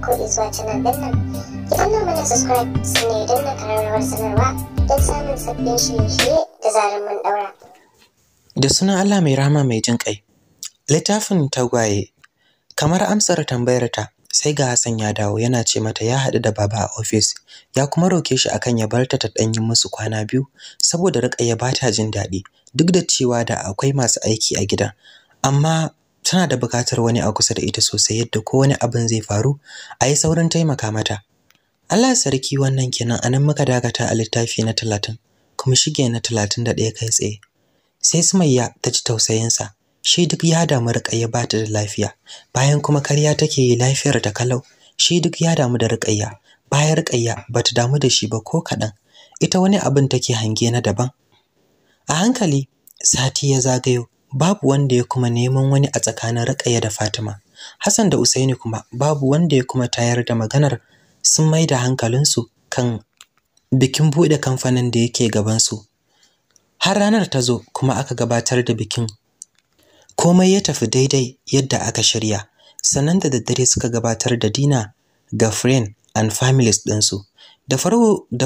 zuwa nan subscribe sanarwa don samun sabbin da zarar mun da sunan Allah mai rama mai jin kai littafin tagwaye kamar amsar tambayar ta sai ga Hassan ya dawo yana ce mata ya haɗu da baba a ofis ya kuma roke shi akan ya bar ta ta musu kwana biyu saboda riƙa ya bata jin daɗi duk da cewa da akwai masu aiki a gidan amma tana da buƙatar wani a kusa da ita sosai yadda ko wani abin zai faru a yi saurin taimaka mata Allah sarki wannan kenan anan muka dakata a littafi na talatin kuma shige na talatin da ɗaya kai tsaye sai sumayya ta ci tausayinsa shi duk ya damu riƙayya ba ta da lafiya bayan kuma karya take yi lafiyar ta kalau shi duk ya damu da riƙayya bayan riƙayya ba ta damu da shi ba ko kaɗan ita wani abin take hange na daban a hankali sati ya zagayo babu wanda ya kuma neman wani a tsakanin Rukayya da Fatima. Hassan da Usaini kuma babu wanda ya kuma tayar da maganar sun mai da hankalinsu kan bikin buɗe kamfanin da yake gabansu. Har ranar ta zo kuma aka gabatar da bikin. Komai ya tafi daidai yadda aka shirya, sannan da daddare suka gabatar da dina ga friend and families ɗinsu. Da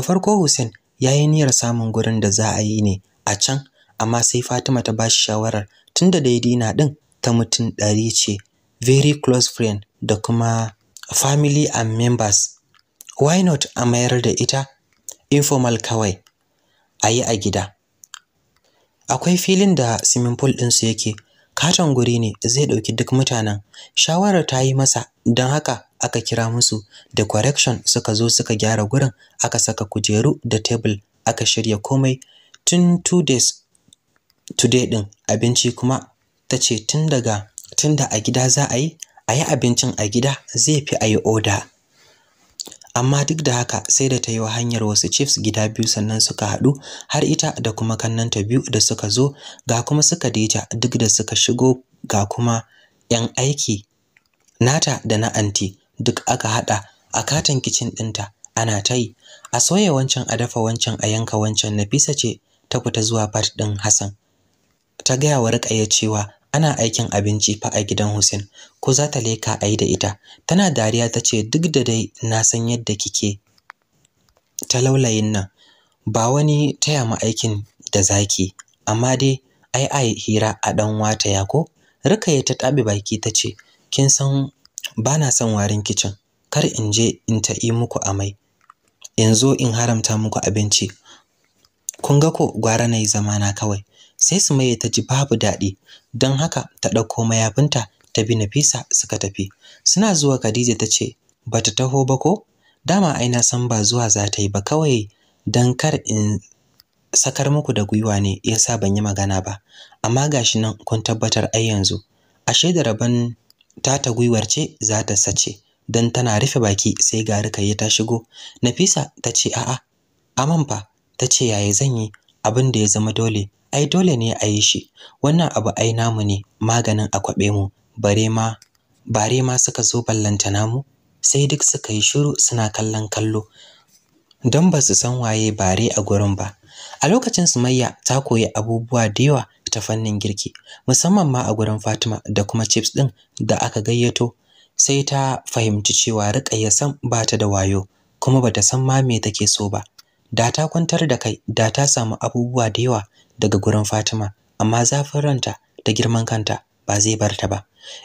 farko Hussein ya yi niyyar samun gurin da za a yi ne a can amma sai Fatima ta bashi shawarar tunda da ya dina din ta mutum ɗari ce very close friend da kuma family and members why not a mayar da ita informal kawai a yi a gida akwai filin da swimming pool ɗinsu yake katon guri ne zai ɗauki duk mutanen shawarar ta yi masa don haka aka kira musu da correction suka zo suka gyara gurin aka saka kujeru da table aka shirya komai tun two days today din abinci kuma ta ce tun daga tunda a gida za a yi a yi abincin a gida zai fi a yi oda amma duk da haka sai da ta yi wa hanyar wasu chiefs gida biyu sannan suka haɗu har ita da kuma kannanta biyu da suka zo ga kuma suka deja duk da suka shigo ga kuma 'yan aiki nata da na anti duk aka haɗa a katon kicin ɗinta ana ta yi a soya wancan a dafa wancan a yanka wancan nafisa ce ta fita zuwa part ɗin hassan ta gaya wa Rukayya cewa ana aikin abinci fa a gidan Hussein ko za ta leka a yi da ita tana dariya ta ce duk da dai na san yadda kike ta laulayin nan ba wani taya ma aikin da zaki amma dai ai ai hira a dan wata ya ko Rukayya ta tabe baki ta ce kin san ba na son warin kicin kar in je in ta yi muku amai in zo in haramta muku abinci kun ga ko gwara na yi zamana kawai sai su maye ta ji babu daɗi don haka ta ɗauko mayafinta ta bi Nafisa suka tafi suna zuwa Khadija ta ce ba ta taho ba ko dama ai na san ba zuwa za ta yi ba kawai don kar in sakar muku da gwiwa ne ya sa ban yi magana ba amma gashi nan kun tabbatar ai yanzu ashe da rabon tata gwiwar ce za ta sace don tana rufe baki sai ga yi ta shigo nafisa ta ce a'a aman fa ta ce yaya zan yi abin da ya zama dole ai dole ne a yi shi wannan abu ai namu ne maganin a mu bare ma bare ma suka zo ballanta mu sai duk suka yi shiru suna kallon kallo don ba su san waye bare a gurin ba a lokacin sumayya ta koyi abubuwa da yawa ta fannin girki musamman ma a gurin fatima da kuma chips ɗin da aka gayyato sai ta fahimci cewa ya sam ba ta da wayo kuma ba ta san ma me take so ba da ta kwantar da kai da ta samu abubuwa da yawa daga gurin Fatima amma zafin ranta da girman kanta ba zai bar ta ba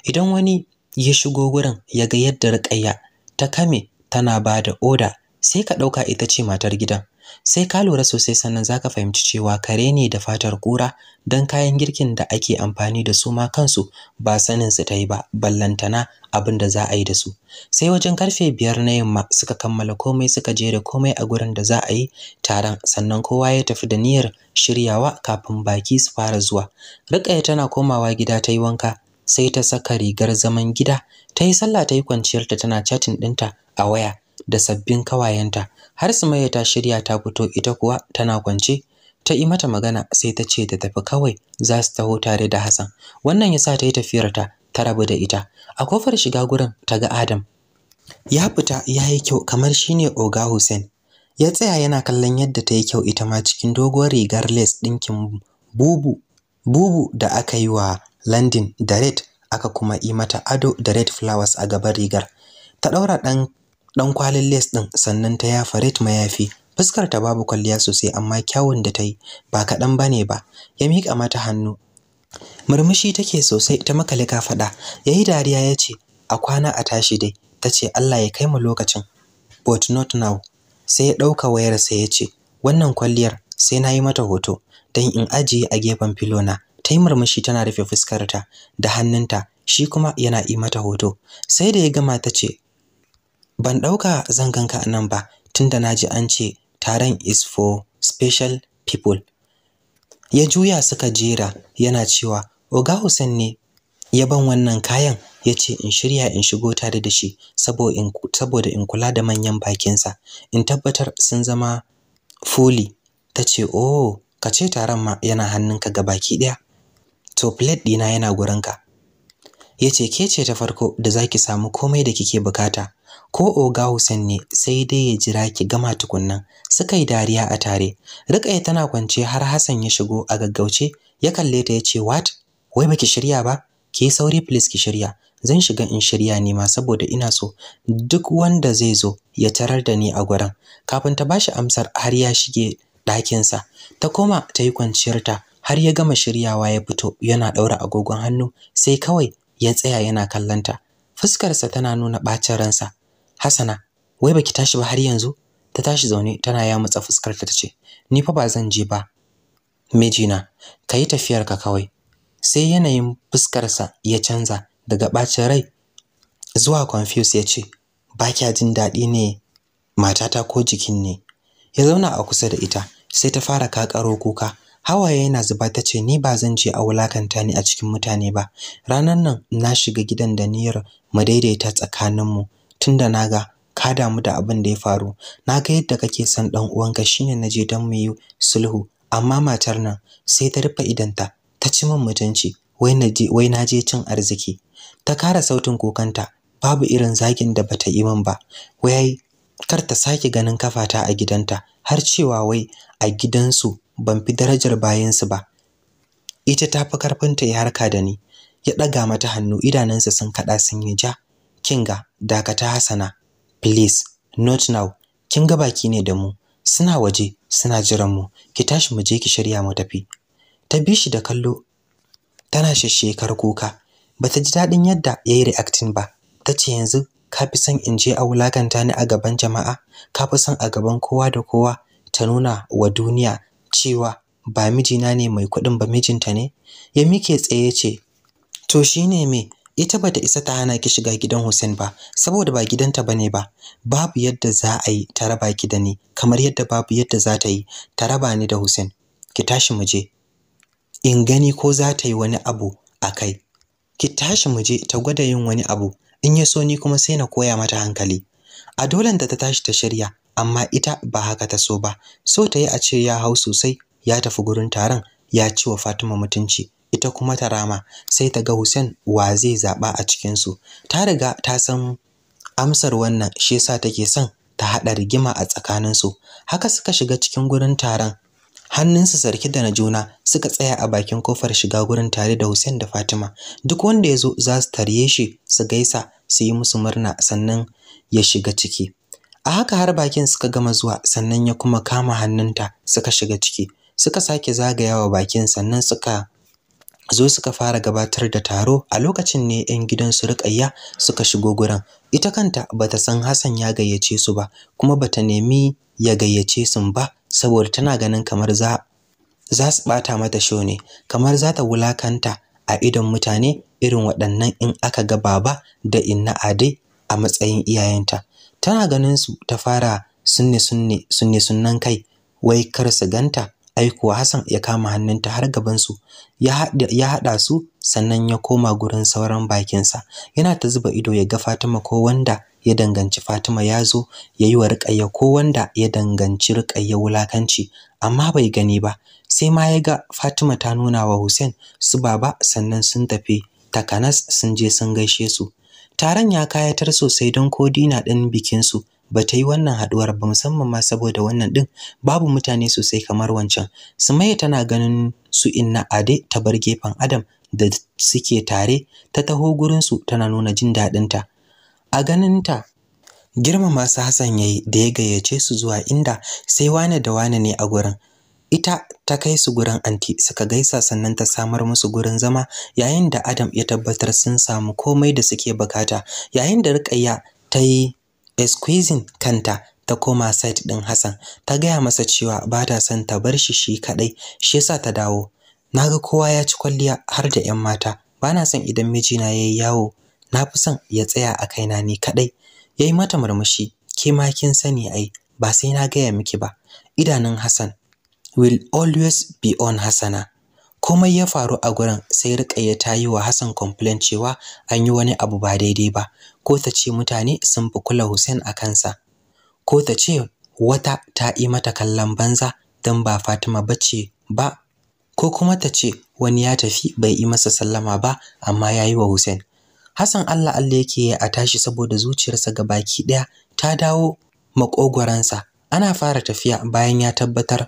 idan wani ya shigo gurin ya ga yadda Ruqayya ta kame tana ba da oda sai ka ɗauka ita ce matar gidan sai ka lura sosai sannan zaka fahimci cewa kare ne da fatar kura don kayan girkin da ake amfani da su ma kansu ba sanin su ta yi ba ballantana abin da za a yi da su sai wajen karfe biyar na yamma suka kammala komai suka jere komai a gurin da za a yi taron sannan kowa ya tafi da niyyar shiryawa kafin baki su fara zuwa ya tana komawa gida ta yi wanka sai ta saka rigar zaman gida ta yi sallah ta yi kwanciyarta tana chatting dinta a waya da sabbin kawayenta har Sumayya ta shirya ta fito ita kuwa tana kwance ta yi mata magana sai ta ce ta tafi kawai za su taho tare da Hassan wannan ya sa ta yi tafiyar ta ta rabu da ita a kofar shiga gurin ta ga Adam ya fita ya yi kyau kamar shine Oga Hussein ya tsaya yana kallon yadda ta yi kyau ita ma cikin doguwar rigar les ɗinkin bubu bubu da aka yi wa landin da red aka kuma yi mata ado da red flowers a gaban rigar ta ɗaura ɗan dan kwalin lace din sannan ta yafa red mayafi fuskar ta babu kwalliya sosai amma kyawun da ta ba kaɗan bane ba ya mika mata hannu murmushi take sosai ta makalika ka faɗa yayi dariya yace a kwana a tashi dai tace Allah ya kai mu lokacin but not now sai ya ɗauka wayarsa ya ce wannan kwalliyar sai na yi mata hoto dan in ajiye a gefen filona ta murmushi tana rufe fuskarta da hannunta shi kuma yana yi mata hoto sai da ya gama tace ban ɗauka zan ganka a nan ba tunda na ji an ce taron is for special people ya juya suka jera yana cewa oga Hussein ne ya ban wannan kayan ya ce in shirya in shigo tare da shi saboda in kula da manyan bakinsa in tabbatar sun zama foli ta ce oh ka ce taron ma yana hannunka ga baki ɗaya to plate dina yana gurinka ya ce ke ce ta farko da za ki samu komai da kike bukata ko oga Hussein ne sai dai ya jira ki gama tukunnan suka yi dariya a tare Rukayya tana kwance har Hassan ya shigo a gaggauce ya kalle ta ya ce what wai baki shirya ba ki sauri please ki shirya zan shiga in shirya ne ma saboda ina so duk wanda zai zo ya tarar da ni a gurin kafin ta bashi amsar har ya shige ɗakinsa ta koma ta yi kwanciyarta har ya gama shiryawa ya fito yana ɗaura agogon hannu sai kawai ya tsaya yana kallanta fuskarsa tana nuna ɓacin ransa Hassana, wai baki tashi ba har yanzu? Ta tashi zaune tana yamutsa fuskar ta tace, "Ni fa ba zan je ba." Mijina, kayi tafiyar ka kawai. Sai yanayin fuskarsa ya canza daga bacin rai zuwa confused ya ce, "Ba kya jin daɗi ne matata ko jikin ne?" Ya zauna a kusa da ita, sai ta fara kakaro kuka. Hawaye na zuba ta ce ni ba zan je a wulakanta ni a cikin mutane ba. Ranan nan na shiga gidan da niyyar mu daidaita tsakaninmu. tunda ga ka damu da abin da ya faru na ga yadda kake son ɗan uwanka shine je don mu yi sulhu amma matar nan sai ta rufe idanta ta ci min mutunci wai na je cin arziki ta kara sautin kukanta babu irin zagin da bata yi min ba wai kar ta sake ganin kafata a gidanta har cewa wai a gidansu ban fi darajar bayansu ba ita ta fi karfinta ya harka da ni ya ɗaga mata hannu idanunsa sun kaɗa sun yi ja kinga dakata Hassana please not now kin ga baki ne da mu suna waje suna jiran mu ki tashi mu je ki shirya mu tafi ta bi shi da kallo tana sheshekar kuka Ba ta ji daɗin yadda ya yayi reacting ba Ta ce yanzu ka fi son in je a wulakanta ni a gaban jama'a ka fi son a gaban kowa da kowa ta nuna wa duniya cewa ba mijina ne mai kuɗin ba mijinta ne ya mike tsaye ce to shine me ita bata isa ta hana ki shiga gidan Hussein ba saboda ba gidanta bane ba babu yadda za a yi ta raba ki da ni kamar yadda babu yadda za ta yi ta raba ni da Hussein ki tashi muje in gani ko za ta yi wani abu a kai ki tashi muje ta gwada yin wani abu in ya so ni kuma sai na koya mata hankali a dolan da ta tashi ta shirya amma ita ba haka ta so ba so ta yi a ce ya hau sosai ya tafi gurin taron ya ci wa Fatima mutunci ita kuma ta rama sai ta ga Hussein wa zai zaɓa a cikin su ta riga ta san amsar wannan shi yasa take son ta haɗa rigima a tsakanin su haka suka shiga cikin gurin taron hannunsu sarki da na juna suka tsaya a bakin kofar shiga gurin tare da Hussein da Fatima duk wanda ya zo za su tarye shi su gaisa su yi musu murna sannan ya shiga ciki a haka har bakin suka gama zuwa sannan ya kuma kama hannunta suka shiga ciki suka sake zagayawa bakin sannan suka zo suka fara gabatar da taro a lokacin ne 'yan gidan su Rukayya suka shigo gurin ita kanta bata san Hassan ya gayyace su ba kuma bata nemi ya gayyace su ba saboda tana ganin kamar za za su bata mata sho ne kamar za ta wulakanta a idon mutane irin waɗannan in aka ga baba da inna ade a matsayin iyayenta tana ganin su ta fara sunne sunne sunne sunnan kai wai kar su ganta Aiko Hassan ya kama hannunta har gabansu ya haɗa su sannan ya koma gurin sauran bakinsa yana ta zuba ido ya ga Fatima ko wanda ya danganci Fatima ya zo ya wa Rukayya ko wanda ya danganci Rukayya wulakanci amma bai gani ba sai ma ya ga Fatima ta nuna wa Hussein su baba sannan sun tafi takanas sun je sun gaishe su taron ya kayatar sosai don kodina dina ɗin bikinsu ba ta yi wannan haɗuwar ba musamman ma saboda wannan ɗin, babu mutane sosai kamar wancan sumayya tana ganin su inna ade ta bar gefen adam da suke tare ta taho gurinsu tana nuna jin dadin ta a ganin ta girmama su Hassan yayi da ya gayyace su zuwa inda sai wane da wane ne a gurin ita ta kai su gurin anti suka gaisa sannan ta samar musu gurin zama yayin da Adam ya tabbatar sun samu komai da suke bukata yayin da Rukayya ta yi da squeezing kanta ta koma site ɗin Hassan ta gaya masa cewa ba ta son ta bar shi shi kaɗai shi yasa ta dawo na ga kowa ya ci kwalliya har da 'yan mata ba na son idan mijina ya yi yawo na fi son ya tsaya a kaina ni kaɗai ya yi mata murmushi ke ma kin sani ai ba sai na gaya miki ba idanun Hassan will always be on Hassana komai ya faru a gurin sai rika ya tayi wa Hassan complain cewa an yi wani abu ba daidai ba ko ta ce mutane sun fi kula Hussein a kansa ko ta ce wata ta yi mata kallon banza don ba Fatima bace ba ko kuma ta ce wani ya tafi bai yi masa sallama ba amma ya yi wa Hussein Hassan Allah Allah yake a tashi saboda zuciyarsa ga baki ɗaya ta dawo makogwaransa ana fara tafiya bayan ya tabbatar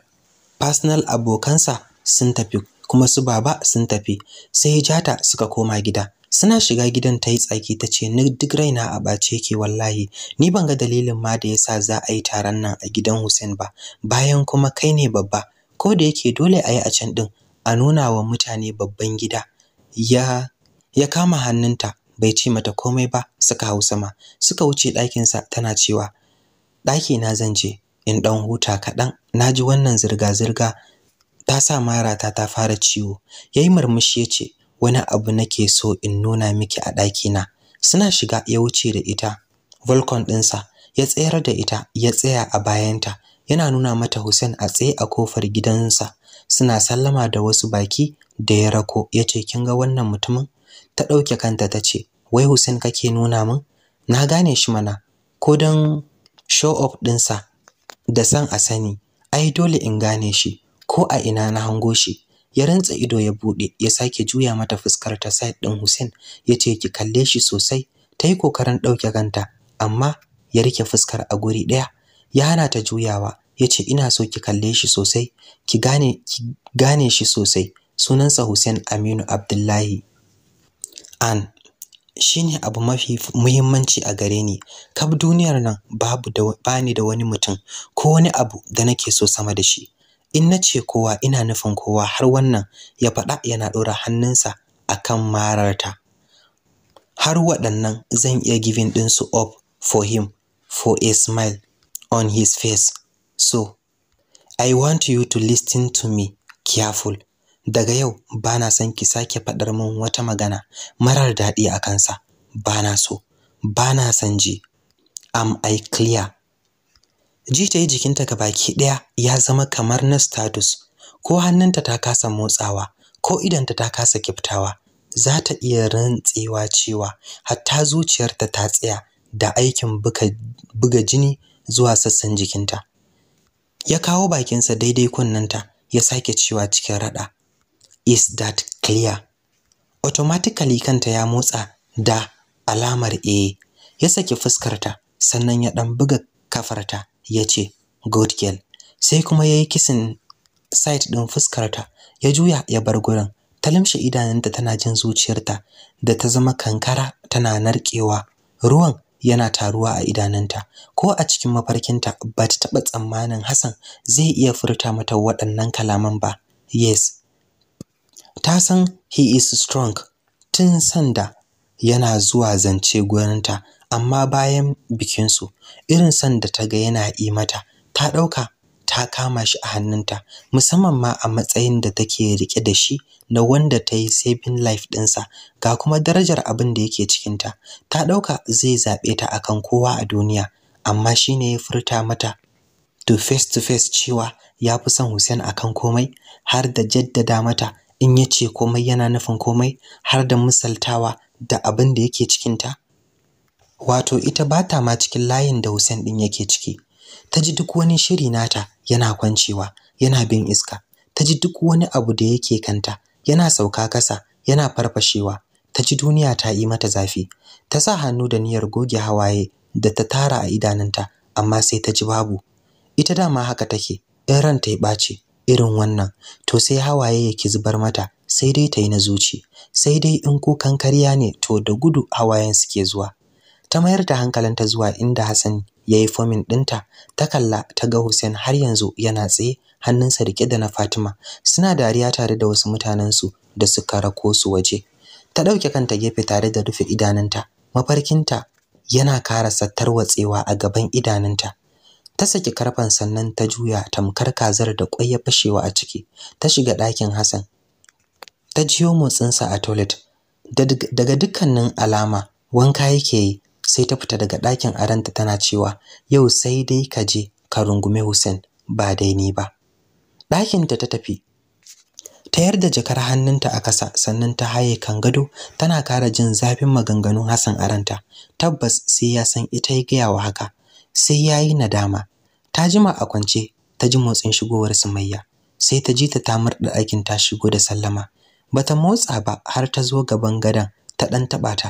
personal abokansa sun tafi kuma su baba sun tafi sai jata suka koma gida suna shiga gidan ta yi tsaki ta ce ni duk raina a ɓace ke wallahi ni ban ga dalilin ma da yasa za a yi taron nan a gidan Hussein ba bayan kuma kai ne babba ko da yake dole a yi a can din a nuna wa mutane babban gida ya ya kama hannunta bai ce mata komai ba suka hau sama suka wuce ɗakinsa tana cewa ɗaki na zan je in ɗan huta kaɗan na ji wannan zirga-zirga ta sa marata ta fara ciwo Ya yi murmushi ya ce wani abu nake so in nuna miki a ɗakina suna shiga ya wuce da ita volcon ɗinsa ya tsayar da ita ya tsaya a bayanta yana nuna mata Hussein a tsaye a kofar gidansa suna sallama da wasu baki da ya rako ya ce kin ga wannan mutumin ta ɗauke kanta ta ce wai Hussein kake nuna min na gane shi mana ko don show up ɗinsa da san a sani ai dole in gane shi ko a ina na hango shi ya rantsa ido ya buɗe ya sake juya mata fuskar ta side ɗin Hussein yace ki kalle shi sosai ta kokarin ɗauke kanta amma ya rike fuskar a guri ɗaya ya hana ta juyawa yace ina so ki kalle shi sosai ki gane ki gane shi sosai sunansa Hussein Aminu Abdullahi an shine abu mafi muhimmanci a gare ni kaf duniyar nan babu da bani da wani mutum ko wani abu da nake so sama da shi in na ce kowa ina nufin kowa har wannan ya faɗa yana ɗora hannunsa a kan mararta har waɗannan zan iya giving ɗinsu up for him for a smile on his face so i want you to listen to me careful daga yau ba na son ki sake faɗar min wata magana marar daɗi a kansa Ba na so Ba na son ji am i clear ji ta yi jikinta baki ɗaya ya zama kamar na status ko hannunta ta kasa motsawa ko idanta ta kasa kiftawa za ta iya rantsewa cewa hatta zuciyarta ta tsaya da aikin buga jini zuwa sassan jikinta ya kawo bakinsa daidai kunnenta ya sake cewa cikin rada is that clear automatically kanta ya motsa da alamar A eh. ya saki fuskarta sannan ya ɗan buga kafarta ya ce good girl sai kuma ya yi kisin side ɗin fuskarta ya juya ya bar gurin ta limshe idanunta tana jin zuciyarta da ta zama kankara tana narkewa ruwan yana taruwa a idanunta ko a cikin mafarkinta ba ta taɓa tsammanin Hassan zai iya furta mata waɗannan kalaman ba yes ta san he is strong tun sanda yana zuwa zance gurinta amma bayan bikinsu irin son da ta ga yana yi mata ta ɗauka ta kama shi a hannunta musamman ma a matsayin da take riƙe da shi na wanda ta yi saving life ɗinsa ga kuma darajar abin da yake cikinta ta ɗauka zai zaɓe ta akan kowa a duniya amma shi ne ya furta mata to face to face cewa ya fi son Hussein akan komai har da jaddada mata in ya ce komai yana nufin komai har da misaltawa da abin da yake cikinta wato ita ba ta ma cikin layin da Hussein ɗin yake ciki. Ta ji duk wani shiri nata yana kwancewa, yana bin iska. Ta ji duk wani abu da yake kanta yana sauka kasa, yana farfashewa. Ta ji duniya ta yi mata zafi. Ta sa hannu da niyyar goge hawaye da ta tara a idanunta, amma sai ta ji babu. Ita dama haka take, in ranta ya ɓace irin wannan, to sai hawaye yake zubar mata, sai dai ta yi na zuci. Sai dai in kukan karya ne, to da gudu hawayen suke zuwa. ta mayar da hankalinta zuwa inda Hassan ya yi fomin ɗinta ta kalla ta ga Hussein har yanzu yana tsaye hannunsa rike da na Fatima suna dariya tare da wasu mutanensu da suka rako su waje ta ɗauke kanta gefe tare da rufe idanunta mafarkinta yana karasa watsewa a gaban idanunta ta saki karfan sannan ta juya tamkar kazar da ƙwai ya fashewa a ciki ta shiga ɗakin Hassan ta jiyo motsinsa a toilet daga dukkanin alama wanka yake yi sai ta fita daga ɗakin aranta tana cewa yau sai dai ka je ka rungume Hussein ba dai ni ba ɗakinta ta tafi ta yarda jakar hannunta a ƙasa sannan ta haye kan gado tana kara jin zafin maganganun Hassan aranta tabbas sai ya san ita ya gaya wa haka sai ya yi nadama ta jima a kwance ta ji motsin shigowar sumayya sai ta ji ta ta murɗa ɗakin ta shigo da sallama bata motsa ba har ta zo gaban gadon ta ɗan taɓa ta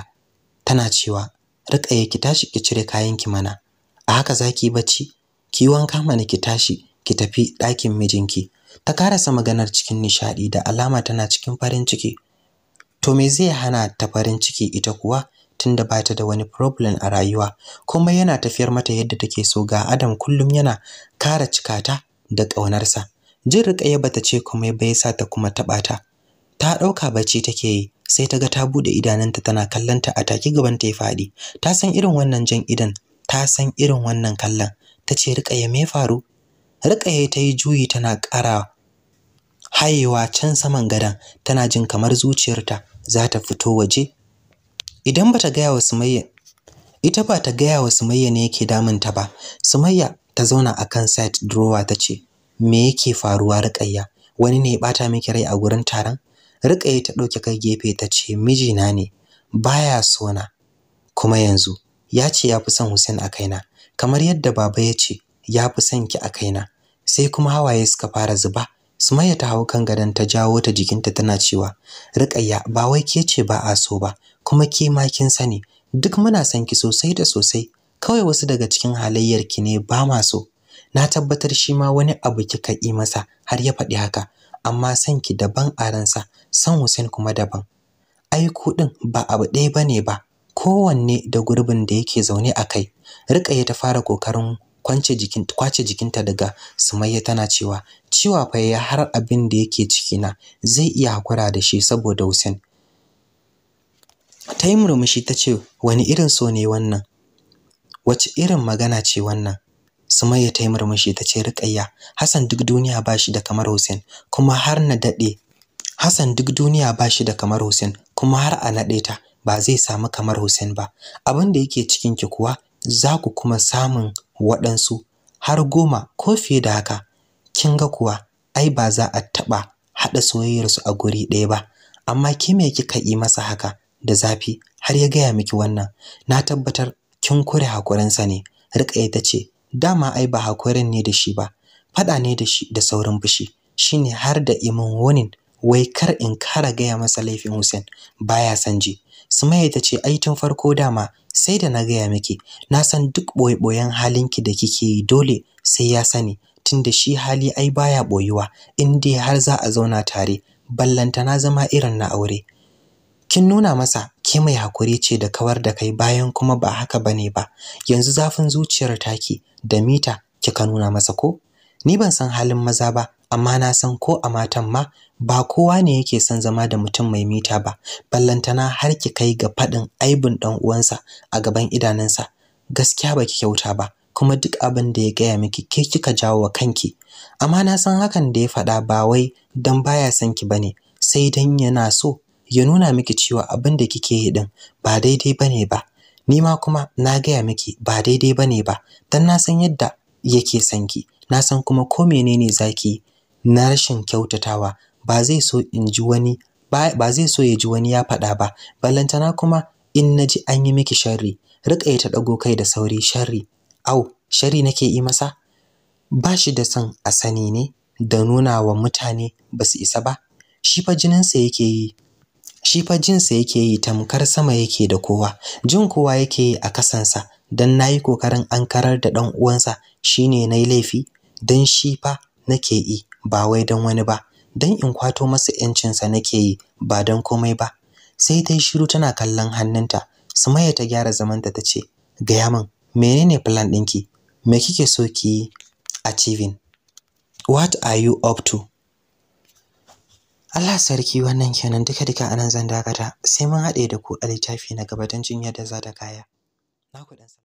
tana cewa Rukaiya ki tashi ki cire kayanki mana. A haka zaki bacci? Ki wanka mana ki tashi ki tafi ɗakin mijinki. Ta karasa maganar cikin nishadi da alama tana cikin farin ciki. To me zai hana ta farin ciki ita kuwa tunda ba ta da wani problem a rayuwa kuma yana tafiyar mata yadda take so ga Adam kullum yana kara cikata da ƙaunarsa. Jin Rukaiya bata ce komai ba yasa ta kuma taɓa ta. ta ɗauka bacci take yi sai ta ga ta buɗe idanunta tana kallonta a take gabanta ya faɗi ta san irin wannan jan idan ta san irin wannan kallon ta ce riƙaye me faru riƙaye ta yi juyi tana ƙara hayewa can saman gadon tana jin kamar zuciyarta za ta fito waje idan bata gaya wa sumayya ita ba ta gaya wa sumayya ne yake ta ba sumayya ta zauna a kan side drawer ta ce me yake faruwa riƙayya wani ne ya ɓata miki rai a gurin taron riƙaye ta ɗauke kai gefe ta ce mijina ne baya sona kuma yanzu ya ce ya fi son Hussein a kaina kamar yadda baba ya ce ya fi son ki a kaina sai kuma hawaye suka fara zuba Sumayya ta hau kan gadon ta jawo ta jikinta tana cewa riƙayya ba wai ke ce ba a so ba kuma ke ma kin sani duk muna son ki sosai da sosai kawai wasu daga cikin halayyar ki ne ba ma so na tabbatar shi ma wani abu kika yi masa har ya faɗi haka amma san ki daban a ransa san Hussein kuma daban ai ku din ba abu ɗaya bane ba kowanne da gurbin da yake zaune a kai ya ta fara kokarin kwance jikin kwace jikinta daga Sumayya tana cewa ciwa fa ya har abin da yake ciki na zai iya hakura da shi saboda Hussein ta yi murmushi ta ce wani irin so ne wannan wace irin magana ce wannan Sumayya ta yi murmushi ta ce Riƙayya, Hassan duk duniya ba shi da kamar Hussein, kuma har na daɗe Hassan duk duniya ba shi da kamar Hussein, kuma har a naɗe ta ba zai samu kamar Hussein ba. Abin da yake cikin ki kuwa za ku kuma samun waɗansu har goma ko fiye da haka. Kin ga kuwa ai ba za a taɓa haɗa soyayyarsu a guri ɗaya ba. Amma ke me kika yi masa haka da zafi har ya gaya miki wannan? Na tabbatar kin kure hakurinsa ne. Riƙayya ta ce dama ai ba hakurin ne da shi ba faɗa ne da shi da saurin fushi shine har da imin wonin wai kar in kara gaya masa laifin Hussein baya san ji Sumayya ta ce ai tun farko dama sai da na gaya miki na san duk boye halin halinki da kike yi dole sai ya sani tunda shi hali ai baya boyuwa in dai har za a zauna tare ballanta na zama irin na aure kin nuna masa ke mai hakuri ce da kawar da kai bayan kuma ba haka bane ba yanzu zafin zuciyar taki da mita kika nuna masa ko ni ban san halin maza ba amma na san ko a matan ma ba kowa ne yake son zama da mutum mai mita ba ballantana har ki kai ga faɗin aibin ɗan uwansa a gaban idanunsa gaskiya ba ki kyauta ba kuma duk abin da ya gaya miki ke kika jawo wa kanki amma na san hakan da ya faɗa ba wai don baya son ki bane sai dan yana so ya nuna miki cewa abin da kike yi din ba daidai bane ba ni ma kuma na gaya miki ba daidai bane ba dan na san yadda yake son ki na san kuma ko menene zaki na rashin kyautatawa ba zai so in ji wani ba zai so ya ji wani ya faɗa ba ballantana kuma in na ji an yi miki sharri riƙa ta ɗago kai da sauri sharri au sharri nake yi masa ba shi da san a sani ne da nuna wa mutane ba su isa ba shi fa jininsa yake yi shi fa jinsa yake yi tamkar sama yake da kowa jin kowa yake yi a kasansa don na yi kokarin an karar da ɗan uwansa shine na yi laifi don shi fa nake yi ba wai don wani ba don in kwato masa ‘yancinsa nake yi ba don komai ba sai ta yi shiru tana kallon hannunta sumaya ta gyara zamanta ta ce gaya min menene plan ɗinki me kike so ki achieving what are you up to Allah sarki wannan kenan duka duka anan zan dakata sai mun haɗe da ku a littafi na gaba yadda za ta kaya. Na ku